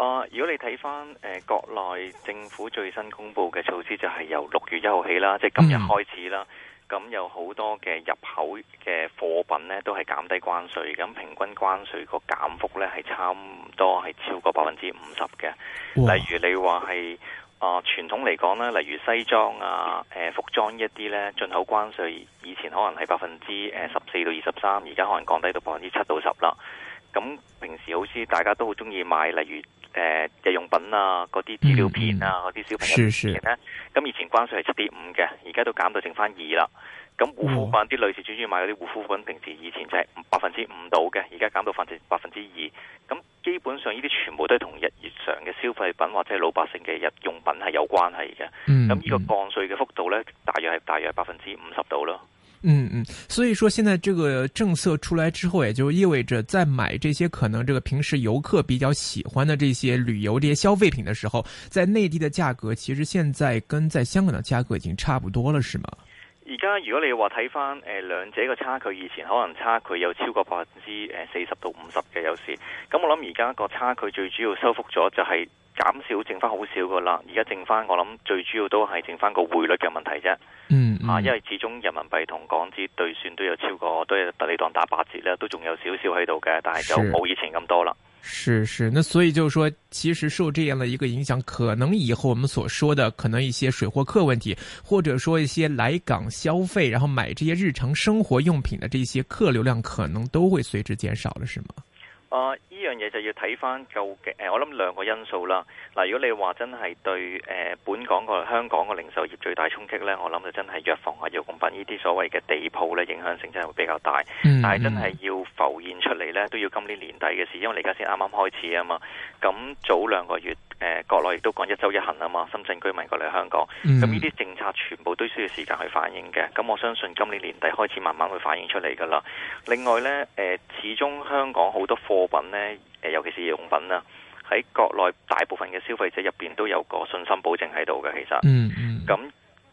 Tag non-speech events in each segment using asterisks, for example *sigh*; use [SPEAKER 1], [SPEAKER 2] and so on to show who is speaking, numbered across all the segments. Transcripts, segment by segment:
[SPEAKER 1] 哦、uh,，如果你睇翻誒國內政府最新公布嘅措施就，就係由六月一號起啦，即係今日開始啦。咁、嗯、有好多嘅入口嘅貨品呢，都係減低關稅，咁平均關稅個減幅呢，係差唔多係超過百分之五十嘅。例如你話係啊，傳、呃、統嚟講啦，例如西裝啊、呃、服裝一啲呢，進口關稅以前可能係百分之誒十四到二十三，而家可能降低到百分之七到十啦。咁平時好似大家都好中意買，例如～誒，日用品啊，嗰啲資料片啊，嗰、嗯、啲小朋友嘅咧，咁以前關稅係七點五嘅，而家都減到剩翻二啦。咁護膚品啲、哦、類似，主要買啲護膚品，平時以前就係百分之五到嘅，而家減到百分之二。咁基本上呢啲全部都係同日常嘅消費品或者老百姓嘅日用品係有關係嘅。咁、嗯、呢個降稅嘅幅度咧，大約係大約百分之五十度咯。
[SPEAKER 2] 嗯嗯，所以說現在這個政策出來之後，也就意味着在買這些，可能這個平時遊客比較喜歡的這些旅遊這些消費品的時候，在內地的價格其實現在跟在香港的價格已經差不多了，是嗎？
[SPEAKER 1] 而家如果你話睇返誒，兩者嘅差距，以前可能差距有超過百分之誒，四十到五十嘅優勢，咁我諗而家個差距最主要收復咗就係。是。減少，剩翻好少噶啦。而家剩翻我諗最主要都係剩翻個匯率嘅問題啫。
[SPEAKER 2] 嗯，
[SPEAKER 1] 啊、嗯，因為始終人民幣同港紙兌算都有超過，都有特地當打八折咧，都仲有少少喺度嘅，但係就冇以前咁多
[SPEAKER 2] 啦。是是，是，那所以就是說，其實受這樣的一個影響，可能以後我們所說的可能一些水貨客問題，或者說一些來港消費，然後買這些日常生活用品的這些客流量，可能都會隨之減少了，是嗎？
[SPEAKER 1] 啊！呢樣嘢就要睇翻究竟、呃、我諗兩個因素啦。嗱、呃，如果你話真係對誒、呃、本港個香港個零售業最大衝擊呢，我諗就真係藥房啊、藥用品呢啲所謂嘅地鋪呢，影響性真係會比較大。嗯、但係真係要浮現出嚟呢，都要今年年底嘅事，因為你而家先啱啱開始啊嘛。咁早兩個月誒、呃，國內亦都講一周一行啊嘛，深圳居民過嚟香港，咁呢啲政策全部都需要時間去反映嘅。咁我相信今年年底開始慢慢會反映出嚟㗎啦。另外呢，誒、呃，始終香港好多貨。貨品呢，誒，尤其是用品啦，喺國內大部分嘅消費者入邊都有個信心保證喺度嘅，其實，嗯嗯，咁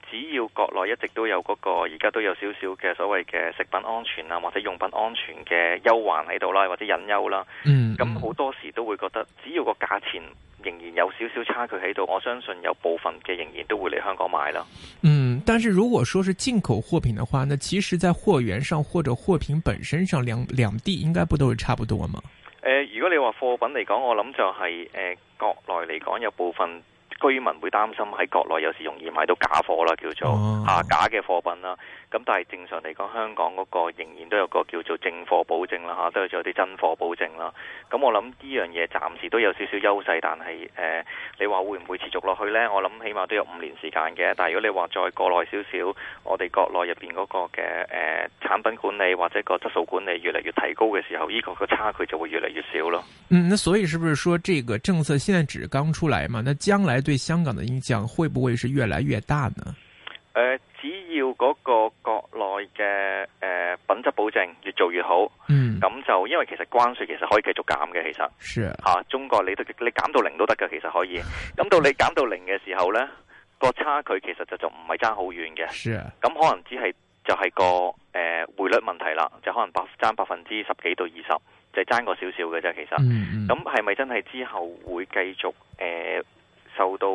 [SPEAKER 1] 只要國內一直都有嗰個，而家都有少少嘅所謂嘅食品安全啊或者用品安全嘅憂患喺度啦，或者隱憂啦，嗯，咁好多時都會覺得，只要個價錢仍然有少少差距喺度，我相信有部分嘅仍然都會嚟香港買啦。嗯，
[SPEAKER 2] 但是如果說是進口貨品的話，呢其實，在貨源上或者貨品本身上兩，兩兩地應該不都是差不多嗎？
[SPEAKER 1] 如果你話貨品嚟講，我諗就係、是、誒、呃、國內嚟講有部分。居民會擔心喺國內有時容易買到假貨啦，叫做下架嘅貨品啦。咁、oh. 但係正常嚟講，香港嗰個仍然都有個叫做正貨保證啦，嚇都有咗啲真貨保證啦。咁、嗯、我諗呢樣嘢暫時都有少少優勢，但係誒、呃，你話會唔會持續落去呢？我諗起碼都有五年時間嘅。但係如果你話再過耐少少，我哋國內入邊嗰個嘅誒、呃、產品管理或者個質素管理越嚟越提高嘅時候，呢、這個個差距就會越嚟越少咯。
[SPEAKER 2] 嗯，那所以是不是說這個政策現在只剛出來嘛？那將來？對香港嘅影響會唔會是越來越大呢？誒、
[SPEAKER 1] 呃，只要嗰個國內嘅誒、呃、品質保證越做越好，嗯，咁就因為其實關稅其實可以繼續減嘅，其實是啊，中國你都你減到零都得噶，其實可以。咁到你減到零嘅時候呢，個差距其實就仲唔係爭好遠嘅。是啊，咁可能只係就係個誒、呃、匯率問題啦，就可能百爭百分之十幾到二十，就爭過少少嘅啫。其實，咁係咪真係之後會繼續誒？呃受到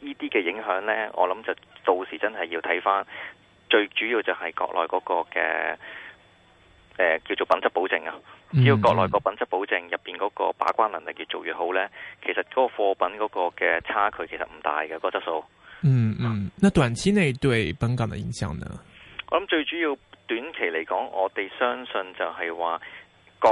[SPEAKER 1] 呢啲嘅影響呢，我諗就到時真係要睇翻，最主要就係國內嗰個嘅，誒、呃、叫做品質保證啊。只、嗯、要、就是、國內個品質保證入邊嗰個把關能力越做越好呢，其實嗰個貨品嗰個嘅差距其實唔大嘅，個質素。嗯
[SPEAKER 2] 嗯，那短期內對本港嘅影響呢？
[SPEAKER 1] 我諗最主要短期嚟講，我哋相信就係話。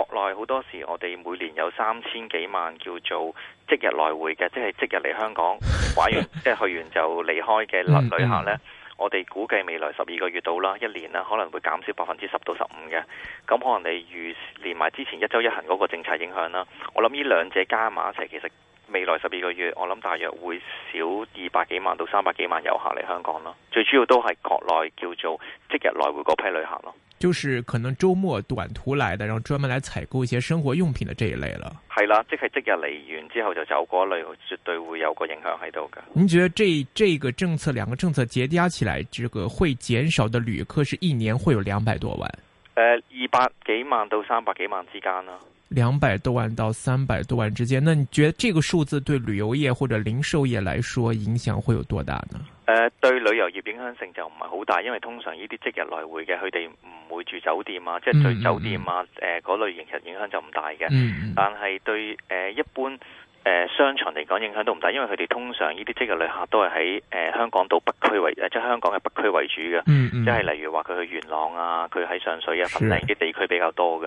[SPEAKER 1] 國內好多時，我哋每年有三千幾萬叫做即日來回嘅，即係即日嚟香港玩完， *laughs* 即係去完就離開嘅旅客呢，我哋估計未來十二個月到啦，一年啦，可能會減少百分之十到十五嘅。咁可能你預連埋之前一周一行嗰個政策影響啦。我諗呢兩者加埋一齊其實。未來十二個月，我諗大約會少二百幾萬到三百幾萬遊客嚟香港咯。最主要都係國內叫做即日來回嗰批旅客咯。
[SPEAKER 2] 就是可能周末短途來的，然後專門來採購一些生活用品的這一類啦。
[SPEAKER 1] 係啦，即係即日嚟完之後就走嗰類，絕對會有個影響喺度噶。
[SPEAKER 2] 你覺得這這個政策兩個政策疊加起來，這個會減少的旅客是一年會有兩百多萬？
[SPEAKER 1] 誒、呃，二百幾萬到三百幾萬之間啦。
[SPEAKER 2] 兩百多萬到三百多萬之間，那你覺得這個數字對旅遊業或者零售業來說影響會有多大呢？誒、
[SPEAKER 1] 呃，對旅遊業影響性就唔係好大，因為通常呢啲即日來回嘅佢哋唔會住酒店啊，即係對酒店啊，誒、呃、嗰類型其實影響就唔大嘅。嗯嗯，但係對誒、呃、一般。呃、商場嚟講影響都唔大，因為佢哋通常呢啲即日旅客都係喺誒香港島北區為，即係香港嘅北區為主嘅，即、嗯、係、嗯、例如話佢去元朗啊，佢喺上水啊，粉嶺、啊、地區比較多嘅。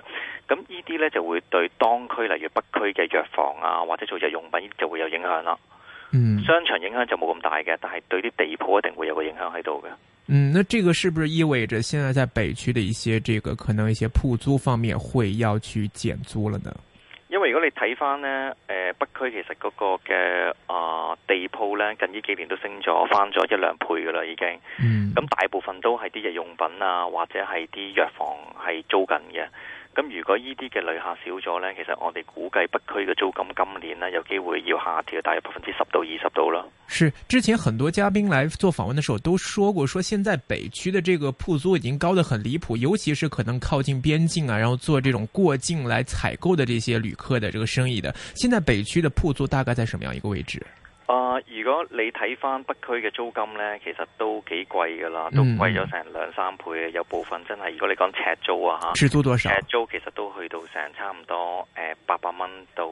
[SPEAKER 1] 咁呢啲呢就會對當區例如北區嘅藥房啊，或者做日用品就會有影響啦、嗯。商場影響就冇咁大嘅，但係對啲地鋪一定會有個影響喺度嘅。
[SPEAKER 2] 嗯，那這個是不是意味着現在在北區的一些這個可能一些鋪租方面會要去減租了呢？
[SPEAKER 1] 因為如果你睇翻呢誒、呃、北區其實嗰個嘅啊、呃、地鋪呢，近呢幾年都升咗翻咗一兩倍㗎喇，已經。咁、嗯、大部分都係啲日用品啊，或者係啲藥房係租緊嘅。咁如果呢啲嘅旅客少咗呢，其實我哋估計北區嘅租金今年呢有機會要下跌，大約百分之十到二十度啦。
[SPEAKER 2] 是之前很多嘉賓來做訪問的時候都說過，說現在北區的這個鋪租已經高得很離譜，尤其是可能靠近邊境啊，然後做這種過境來採購的這些旅客的這個生意的，現在北區的鋪租大概在什麼樣一個位置？
[SPEAKER 1] 啊、呃，如果你睇返北區嘅租金呢，其實都幾貴噶啦，都貴咗成兩三倍。有部分真係，如果你講呎租啊嚇，呎租多少？呎租其實都去到成差唔多八百蚊到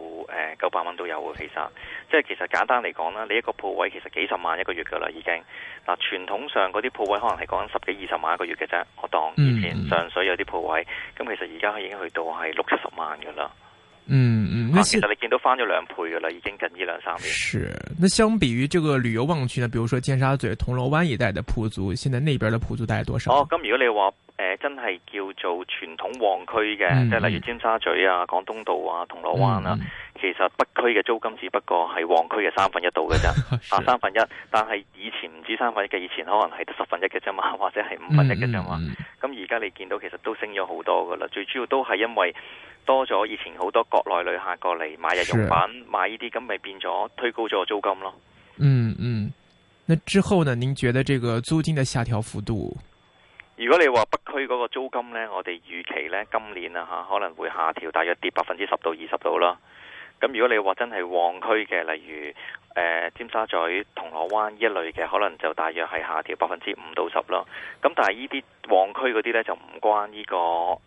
[SPEAKER 1] 九百蚊都有喎。其實即係其，其實簡單嚟講啦，你一個鋪位其實幾十萬一個月噶啦已經。嗱，傳統上嗰啲鋪位可能係講十幾二十萬一個月嘅啫。我當以前上水有啲鋪位，咁、嗯、其實而家已經去到係六七十萬噶啦。嗯嗯，其實你見到翻咗兩倍噶啦，已經近呢兩三年。
[SPEAKER 2] 是，那相比於這個旅遊旺區呢，比如說尖沙咀、銅鑼灣一帶的鋪租，現在那邊的鋪租大概多少？
[SPEAKER 1] 哦，咁如果你話誒、呃、真係叫做傳統旺區嘅，即、嗯、係例如尖沙咀啊、廣東道啊、銅鑼灣啊。嗯嗯其實北區嘅租金只不過係旺區嘅三分一度嘅啫， *laughs* 啊三分一，但係以前唔止三分一嘅，以前可能係得十分一嘅啫嘛，或者係五分一嘅啫嘛。咁而家你見到其實都升咗好多噶啦，最主要都係因為多咗以前好多國內旅客過嚟買日用品、買呢啲，咁咪變咗推高咗租金咯。嗯
[SPEAKER 2] 嗯，那之後呢？您覺得這個租金的下調幅度？
[SPEAKER 1] 如果你話北區嗰個租金呢，我哋預期呢今年啊吓可能會下調，大約跌百分之十到二十度啦。咁如果你話真係旺區嘅，例如誒、呃、尖沙咀、銅鑼灣一類嘅，可能就大約係下跌百分之五到十咯。咁但係呢啲旺區嗰啲呢，就唔關呢個誒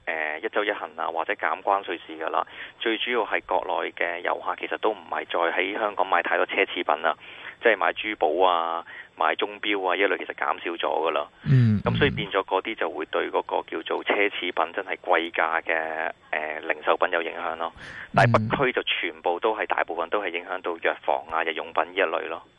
[SPEAKER 1] 一周一行啊，或者減關稅事噶啦。最主要係國內嘅遊客其實都唔係再喺香港買太多奢侈品啦。即係買珠寶啊、買鐘錶啊一類，其實減少咗噶啦。咁、嗯嗯、所以變咗嗰啲就會對嗰個叫做奢侈品真貴價，真係貴價嘅誒零售品有影響咯。但係北區就全部都係，大部分都係影響到藥房啊、日用品呢一類咯。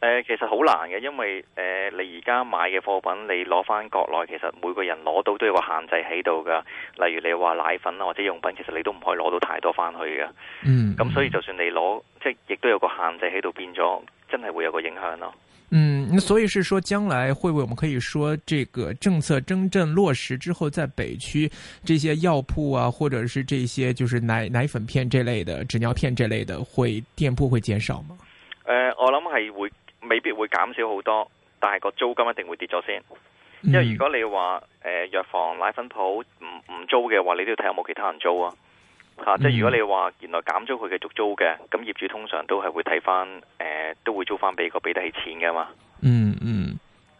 [SPEAKER 1] 誒、呃，其實好難嘅，因為誒、呃，你而家買嘅貨品，你攞返國內，其實每個人攞到都有個限制喺度㗎。例如你話奶粉啦，或者用品，其實你都唔可以攞到太多返去嘅。嗯，咁所以就算你攞，即亦都有個限制喺度，變咗真係會有個影響咯。嗯，
[SPEAKER 2] 所以是說將來會唔會，我們可以說，這個政策真正落實之後，在北區這些藥鋪啊，或者是這些就是奶奶粉片這類的、紙尿片這類的會，會店鋪會減少嗎？
[SPEAKER 1] 誒、呃，我諗係會。未必會減少好多，但係個租金一定會跌咗先。因為如果你話誒、呃、藥房奶粉鋪唔唔租嘅話，你都要睇有冇其他人租啊。吓、啊嗯，即係如果你話原來減咗佢嘅續租嘅，咁業主通常都係會睇翻誒，都會租翻俾個俾得起錢嘅嘛。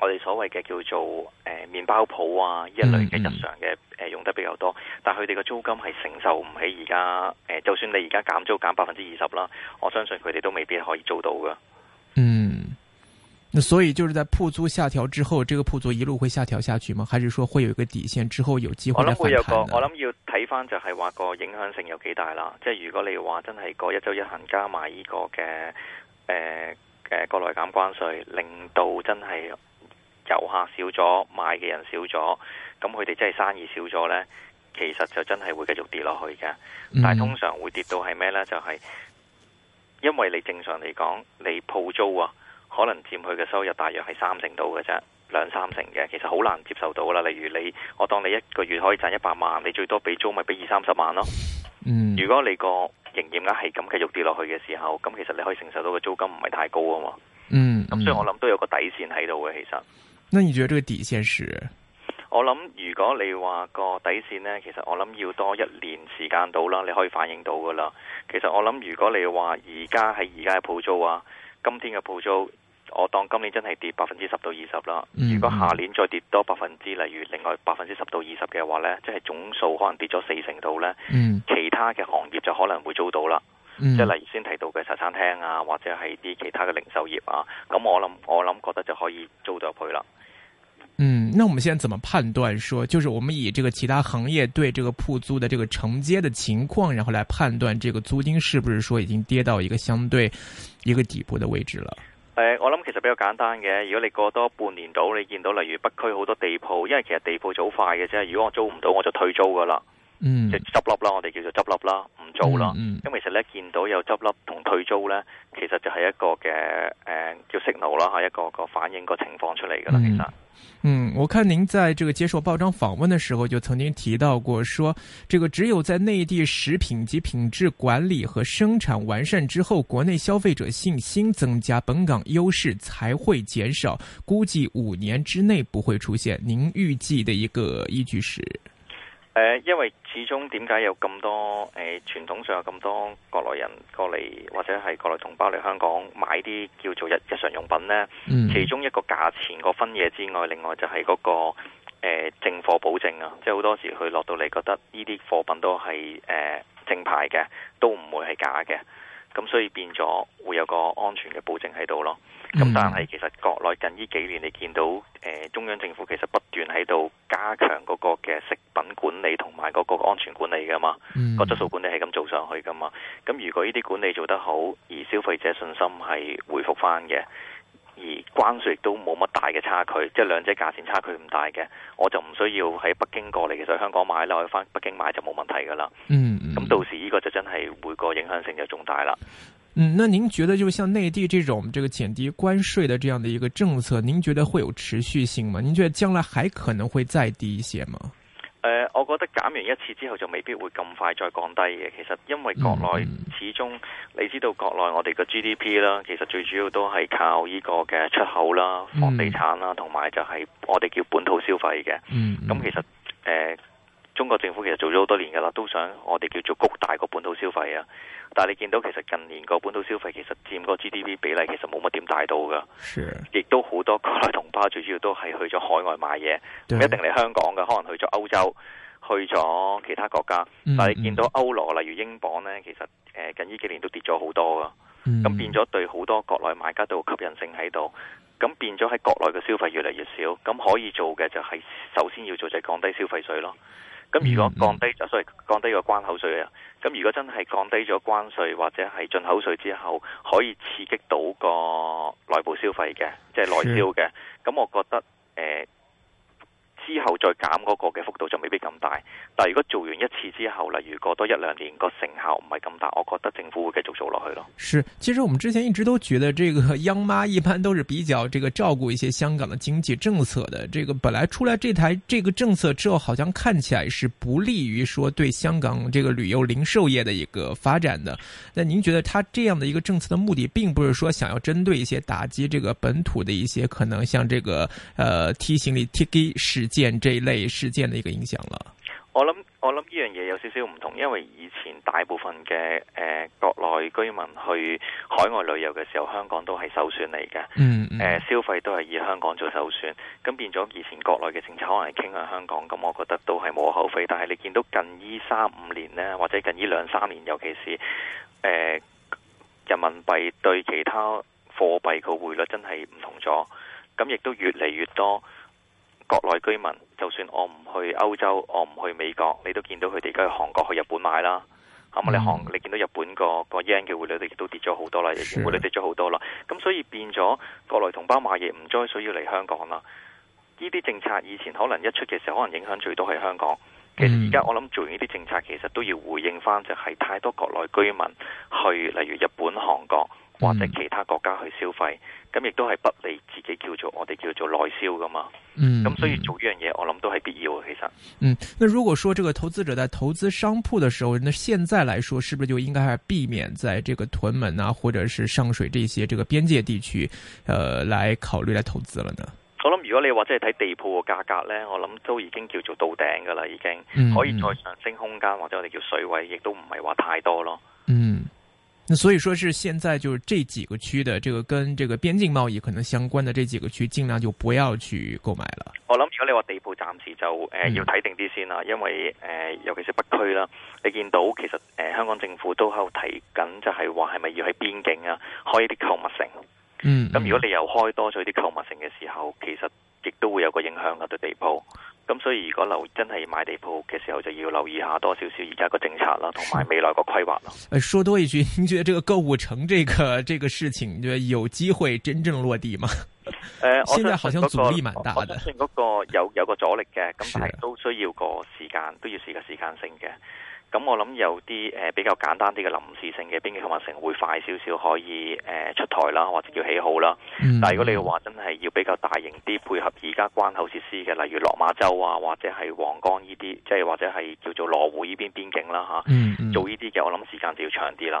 [SPEAKER 1] 我哋所謂嘅叫做誒麵、呃、包鋪啊一類嘅日常嘅誒、嗯呃、用得比較多，但係佢哋嘅租金係承受唔起而家誒，就算你而家減租減百分之二十啦，我相信佢哋都未必可以做到噶。
[SPEAKER 2] 嗯，那所以就是在鋪租下調之後，這個鋪租一路會下調下去嗎？還是說會有一個底線之後有機會？我諗會有個，
[SPEAKER 1] 我諗要睇翻，就係話個影響性有幾大啦。即係如果你話真係個一周一行加埋呢個嘅誒誒國內減關稅，令到真係。遊客少咗，買嘅人少咗，咁佢哋真係生意少咗呢，其實就真係會繼續跌落去嘅。但係通常會跌到係咩呢？就係、是、因為你正常嚟講，你鋪租啊，可能佔佢嘅收入大約係三成到嘅啫，兩三成嘅。其實好難接受到啦。例如你，我當你一個月可以賺一百萬，你最多俾租咪俾二三十萬咯。如果你個營業額係咁繼續跌落去嘅時候，咁其實你可以承受到嘅租金唔係太高啊嘛。
[SPEAKER 2] 咁、嗯、所以我
[SPEAKER 1] 諗都有個底線喺度嘅，其實。
[SPEAKER 2] 咁你覺得呢個底線是？
[SPEAKER 1] 我諗如果你話個底線呢，其實我諗要多一年時間到啦，你可以反應到噶啦。其實我諗如果你話而家係而家嘅鋪租啊，今天嘅鋪租，我當今年真係跌百分之十到二十啦。如果下年再跌多百分之，例如另外百分之十到二十嘅話呢，即係總數可能跌咗四成度呢、嗯，其他嘅行業就可能會租到啦，即、嗯、係例如先提到嘅茶餐廳啊，或者係啲其他嘅零售業啊。咁我諗我諗覺得就可以租到入去啦。
[SPEAKER 2] 嗯，那我們現在怎麼判斷說？說就是我們以這個其他行業對這個鋪租的這個承接的情況，然後來判斷這個租金是不是說已經跌到一個相對一個底部的位置了？
[SPEAKER 1] 誒、呃，我諗其實比較簡單嘅，如果你過多半年度，你見到例如北區好多地鋪，因為其實地鋪就好快嘅啫，如果我租唔到我就退租噶啦。嗯，即執笠啦，我哋叫做執笠啦，唔租啦。嗯，咁、嗯、其實呢，見到有執笠同退租呢，其實就係一個嘅誒、呃、叫 signal 啦，係一個一個反映個情況出嚟噶啦。其
[SPEAKER 2] 實，嗯，我看您在這個接受報章訪問的時候就曾經提到過說，說這個只有在內地食品及品質管理和生產完善之後，國內消費者信心增加，本港優勢才會減少。估計五年之內不會出現。您預計的一個依據是？
[SPEAKER 1] 誒，因為始終點解有咁多誒、呃、傳統上有咁多國內人過嚟，或者係國內同胞嚟香港買啲叫做日日常用品咧、嗯？其中一個價錢個分野之外，另外就係嗰、嗰個誒正、呃、貨保證啊，即係好多時佢落到嚟覺得呢啲貨品都係誒正牌嘅，都唔會係假嘅。咁所以變咗會有個安全嘅保證喺度咯。咁、嗯、但係其實國內近呢幾年你見到、呃、中央政府其實不斷喺度加強嗰個嘅食品管理同埋嗰個安全管理噶嘛，個、嗯、質素管理係咁做上去噶嘛。咁如果呢啲管理做得好，而消費者信心係回復翻嘅。而關稅都冇乜大嘅差距，即係兩者價錢差距唔大嘅，我就唔需要喺北京過嚟，其實香港買啦，去翻北京買就冇問題噶啦。嗯，咁到時呢個就真係每個影響性就重大啦。
[SPEAKER 2] 嗯，那您覺得，就像內地這種這個減低關稅的這樣的一個政策，您覺得會有持續性嗎？您覺得將來還可能會再低一些嗎？
[SPEAKER 1] 誒、呃，我覺得減完一次之後就未必會咁快再降低嘅。其實因為國內始終、嗯，你知道國內我哋個 GDP 啦，其實最主要都係靠呢個嘅出口啦、房地產啦，同、嗯、埋就係我哋叫本土消費嘅。咁、嗯、其實誒。呃中國政府其實做咗好多年㗎啦，都想我哋叫做谷大個本土消費啊。但係你見到其實近年個本土消費其實佔個 GDP 比例其實冇乜點大到㗎，亦、sure. 都好多國內同胞最主要都係去咗海外買嘢，唔一定嚟香港㗎，可能去咗歐洲、去咗其他國家。Mm -hmm. 但係你見到歐羅，例如英鎊呢，其實、呃、近依幾年都跌咗好多㗎，咁、mm -hmm. 變咗對好多國內買家都有吸引性喺度，咁變咗喺國內嘅消費越嚟越少，咁可以做嘅就係首先要做就係降低消費稅咯。咁如果降低咗，所以、嗯、降低個關口稅啊，咁如果真係降低咗關稅或者係進口稅之後，可以刺激到個內部消費嘅，即係內銷嘅，咁我覺得誒。呃之後再減嗰個嘅幅度就未必咁大，但係如果做完一次之後，例如過多一兩年個成效唔係咁大，我覺得政府會繼續做落去咯。
[SPEAKER 2] 是，其實我們之前一直都覺得，這個央媽一般都是比較這個照顧一些香港的經濟政策的。這個本來出來這台這個政策之後，好像看起來是不利於說對香港這個旅遊零售業的一個發展的。那您覺得他這樣的一個政策的目的，並不是說想要針對一些打擊這個本土的一些可能，像這個呃，提行李 t i k t 見這一類事件的一個影響啦。
[SPEAKER 1] 我諗我諗呢樣嘢，有少少唔同，因為以前大部分嘅誒、呃、國內居民去海外旅遊嘅時候，香港都係首選嚟嘅，誒、嗯嗯呃、消費都係以香港做首選。咁變咗以前國內嘅政策可能傾向香港，咁我覺得都係冇可厚非。但係你見到近依三五年呢，或者近依兩三年，尤其是誒、呃、人民幣對其他貨幣個匯率真係唔同咗，咁亦都越嚟越多。國內居民就算我唔去歐洲，我唔去美國，你都見到佢哋而家去韓國、去日本買啦。咁我哋韓，你見到日本個個 yen 嘅匯率，佢都跌咗好多啦，日元匯率跌咗好多啦。咁所以變咗國內同胞買嘢唔再需要嚟香港啦。呢啲政策以前可能一出嘅時候，可能影響最多係香港。嗯、其實而家我諗做呢啲政策，其實都要回應返，就係太多國內居民去，例如日本、韓國。或者其他國家去消費，咁、嗯、亦都係不利自己叫做我哋叫做內銷噶嘛。嗯，咁所以做呢樣嘢，我諗都係必要嘅。其實，
[SPEAKER 2] 嗯，那如果說這個投資者在投資商鋪的時候，那現在來說，是不是就應該係避免在這個屯門啊，或者是上水這些這個邊界地區，呃，來考慮來投資了呢？
[SPEAKER 1] 我諗如果你話即係睇地鋪嘅價格呢，我諗都已經叫做到頂噶啦，已經、嗯、可以再上升空間或者我哋叫水位，亦
[SPEAKER 2] 都唔係話太多咯。所以說是現在就是這幾個區的這個跟這個邊境貿易可能相關的這幾個區盡量就不要去購買了。
[SPEAKER 1] 我諗如果你話地鋪暫時就誒要睇定啲先啦，因為誒尤其是北區啦，你見到其實誒香港政府都喺度提緊就係話係咪要喺邊境啊開一啲購物城。嗯，咁如果你又開多咗啲購物城嘅時候，其實亦都會有個影響噶對地鋪。咁所以如果留真係買地鋪嘅時候，就要留意下多少少而家個政策啦，同埋未來個規劃啦。
[SPEAKER 2] 誒，說多一句，你覺得這個購物城，這個這個事情，就有機會真正落地嗎？
[SPEAKER 1] 誒、呃，現在好像阻力蠻大嘅。我諗嗰、那個、個有有個阻力嘅，咁但係都，都需要個時間，都要是個時間性嘅。咁我諗有啲、呃、比較簡單啲嘅臨時性嘅邊境購物城會快少少，可以、呃、出台啦，或者叫起好啦，嗯。但係如果你話真係要比較大型啲，配合而家關口設施嘅，例如落馬洲啊，或者係皇崗呢啲，即係或者係叫做羅湖呢邊邊境啦嚇，啊嗯嗯，做呢啲嘅，我諗時間就要長啲啦。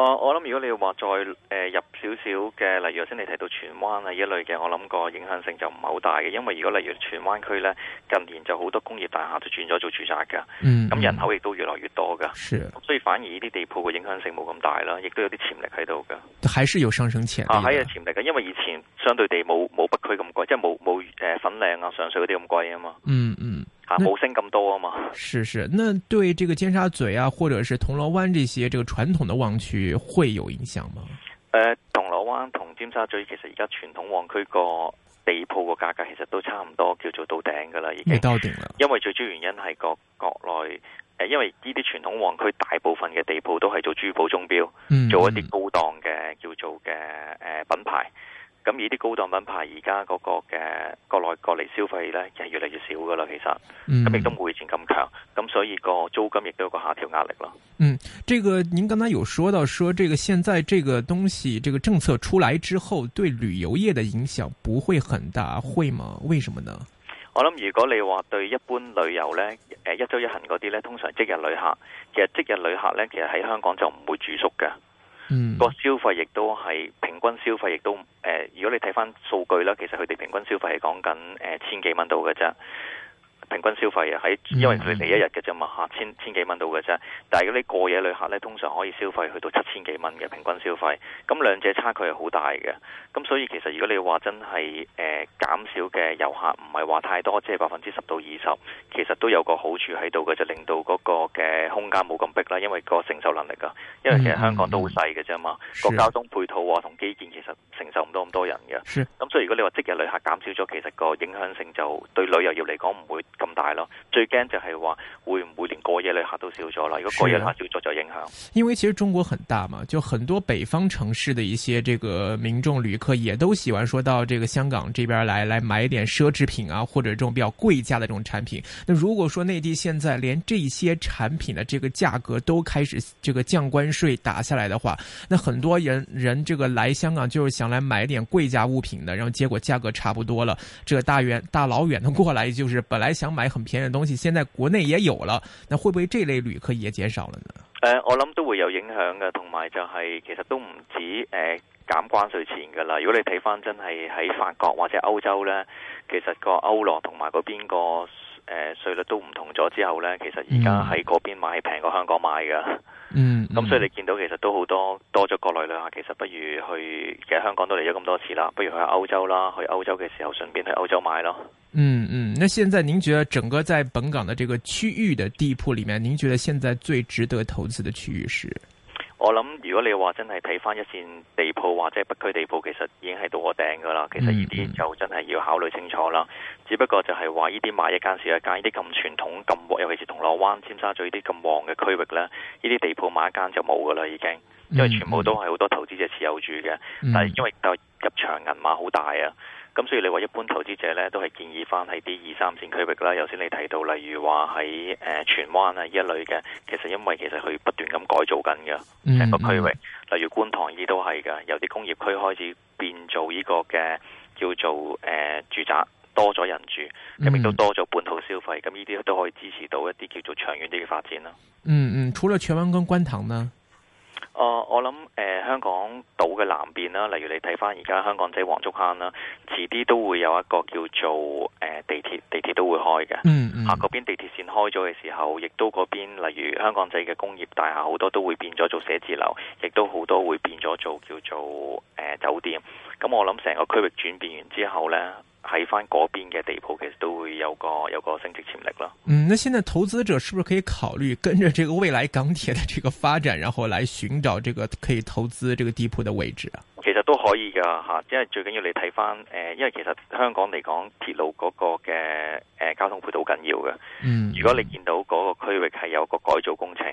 [SPEAKER 1] 呃、我我諗如果你話再誒、呃、入少少嘅，例如頭先你提到荃灣啊一類嘅，我諗個影響性就唔係好大嘅，因為如果例如荃灣區咧，近年就好多工業大廈都轉咗做住宅噶，咁、嗯、人口亦都越嚟越多噶，所以反而呢啲地鋪個影響性冇咁大啦，亦都有啲潛力喺度噶，
[SPEAKER 2] 還是有上升潛力啊，
[SPEAKER 1] 係有潛力噶，因為以前相對地冇冇北區咁貴，即係冇冇誒粉嶺啊上水嗰啲咁貴啊嘛，
[SPEAKER 2] 嗯嗯。冇升
[SPEAKER 1] 咁多啊嘛，
[SPEAKER 2] 是是，那對這個尖沙咀啊，或者是銅鑼灣這些這個傳統的旺區會有影響嗎？誒、
[SPEAKER 1] 呃，銅鑼灣同尖沙咀其實而家傳統旺區個地鋪個價格其實都差唔多，叫做到頂噶啦，已經。未到頂啦。因為最主要原因係個國內、呃、因為呢啲傳統旺區大部分嘅地鋪都係做珠寶鐘錶，做一啲高檔嘅叫做嘅誒、呃、品牌。咁而啲高檔品牌而家個個嘅國內國嚟消費咧，係越嚟越少噶啦，其實咁亦、嗯、都冇以前咁強，咁所以個租金亦都有個下調壓力咯。嗯，
[SPEAKER 2] 這個，您剛才有說到，說這個現在這個東西，這個政策出來之後，對旅遊業的影響不會很大，會嗎？為什麼呢？
[SPEAKER 1] 我諗如果你話對一般旅遊咧，誒，一周一行嗰啲咧，通常即日旅客，其實即日旅客咧，其實喺香港就唔會住宿嘅。個、嗯、消費亦都係平均消費亦都誒、呃，如果你睇翻數據啦，其實佢哋平均消費係講緊誒千幾蚊到嘅咋。平均消費啊，喺因為佢哋一日嘅啫嘛，千千幾蚊到嘅啫。但係如果你過夜旅客咧，通常可以消費去到七千幾蚊嘅平均消費。咁兩者差距係好大嘅。咁所以其實如果你話真係誒、呃、減少嘅遊客唔係話太多，即係百分之十到二十，其實都有個好處喺度嘅，就令到嗰個嘅空間冇咁逼啦。因為個承受能力啊，因為其實香港都好細嘅啫嘛，個、嗯嗯、交通配套啊同基建其實承受唔到咁多人嘅。咁所以如果你話即日旅客減少咗，其實個影響性就對旅遊業嚟講唔會咁大咯，最驚就係話會唔會連過夜旅客都少咗啦？如果過夜旅客少咗就影響，
[SPEAKER 2] 啊。因為其實中國很大嘛，就很多北方城市的一些這個民眾旅客也都喜歡說到這個香港這邊來，來買點奢侈品啊，或者這種比較貴價的這種產品。那如果說內地現在連這些產品的這個價格都開始這個降關稅打下來的話，那很多人人這個來香港就是想來買點貴價物品的，然後結果價格差不多了，這個大遠大老遠的過來，就是本來想。買很便宜的東西，現在國內也有了，那會不會這類旅客也減少了呢？誒、
[SPEAKER 1] 嗯，我諗都會有影響嘅，同埋就係其實都唔止誒減關稅錢噶啦。如果你睇翻真係喺法國或者歐洲呢，其實個歐羅同埋嗰邊個誒稅率都唔同咗之後呢，其實而家喺嗰邊買平過香港買噶。嗯，咁、嗯、所以你見到其實都好多多咗國內旅客，其實不如去其實香港都嚟咗咁多次啦，不如去歐洲啦，去歐洲嘅時候順便去歐洲買咯。嗯
[SPEAKER 2] 嗯，那現在您覺得整個在本港的這個區域的地鋪裏面，您覺得現在最值得投資的區域是？
[SPEAKER 1] 我諗，如果你話真係睇翻一線地鋪或者北區地鋪，其實已經係到我頂噶啦。其實呢啲就真係要考慮清楚啦。只不過就係話呢啲買一間少一間，呢啲咁傳統咁旺，尤其是銅鑼灣、尖沙咀呢啲咁旺嘅區域呢，呢啲地鋪買一間就冇噶啦，已經，因為全部都係好多投資者持有住嘅。但係因為入入場銀碼好大啊。咁所以你話一般投資者咧，都係建議翻係啲二三線區域啦。頭先你提到，例如話喺誒荃灣啊一類嘅，其實因為其實佢不斷咁改造緊嘅成個區域，嗯，例如觀塘依都係噶，有啲工業區開始變做呢個嘅叫做誒、呃、住宅多咗人住，咁亦都多咗本土消費，咁呢啲都可以支持到一啲叫做長遠啲嘅發展啦。嗯
[SPEAKER 2] 嗯，除了荃灣跟觀塘呢？
[SPEAKER 1] 哦、呃，我諗誒、呃，香港島嘅南邊啦，例如你睇返而家香港仔黃竹坑啦，遲啲都會有一個叫做誒地鐵，地鐵都會開嘅。嗯嗯。啊，嗰邊地鐵線開咗嘅時候，亦都嗰邊例如香港仔嘅工業大廈好多都會變咗做寫字樓，亦都好多會變咗做叫做誒、呃、酒店。咁我諗成個區域轉變完之後咧。喺翻嗰邊嘅地鋪，其實都會有個有個升值潛力咯。
[SPEAKER 2] 嗯，那現在投資者是不是可以考慮跟着這個未來港鐵的這個發展，然後來尋找這個可以投資這個地鋪的位置
[SPEAKER 1] 啊？其實都可以噶吓，因為最緊要你睇翻誒，因為其實香港嚟講，鐵路嗰個嘅誒、呃、交通配套好緊要嘅。嗯，如果你見到嗰個區域係有個改造工程。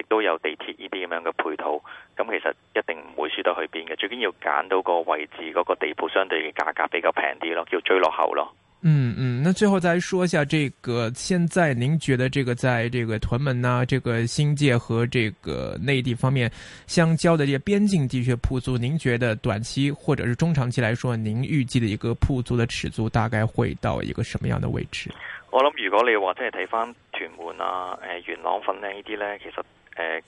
[SPEAKER 1] 亦都有地鐵呢啲咁樣嘅配套，咁其實一定唔會輸到去邊嘅。最緊要揀到個位置，嗰、那個地鋪相對嘅價格比較平啲咯，叫追落後咯。嗯
[SPEAKER 2] 嗯，那最後再說一下，這個現在您覺得這個，在這個屯門啊、這個新界和這個內地方面相交的這些邊境地區鋪租，您覺得短期或者是中長期來說，您預計的一個鋪租的尺租大概會到一個什麼樣的位置？
[SPEAKER 1] 我諗如果你話真係睇翻屯門啊、誒、呃、元朗粉嶺呢啲呢，其實。誒、呃，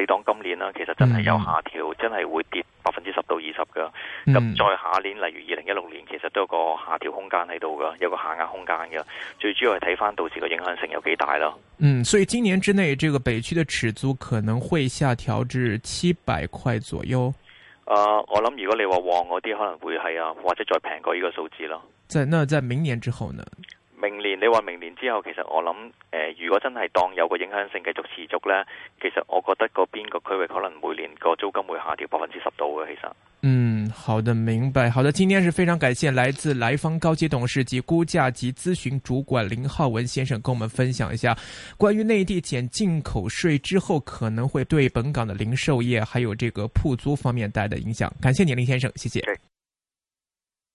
[SPEAKER 1] 你當今年啦、啊，其實真係有下調、嗯，真係會跌百分之十到二十噶。咁、嗯、再下年，例如二零一六年，其實都有個下調空間喺度噶，有個下壓空間嘅。最主要係睇翻到時個影響性有幾大咯。
[SPEAKER 2] 嗯，所以今年之內，這個北區的尺租可能會下調至七百塊左右。
[SPEAKER 1] 誒、呃，我諗如果你話旺嗰啲，可能會係啊，或者再平過呢個數字咯。
[SPEAKER 2] 在那在明年之後呢？
[SPEAKER 1] 明年你話明年之後，其實我諗，誒、呃，如果真係當有個影響性繼續持續呢，其實我覺得個邊個區域可能每年個租金會下跌百分之十度嘅。其實，嗯，
[SPEAKER 2] 好的，明白，好的。今天是非常感謝來自萊坊高級董事及估價及諮詢主管林浩文先生，跟我們分享一下關於內地減進口稅之後可能會對本港的零售業還有這個鋪租方面帶來的影響。感謝你，林先生，謝謝。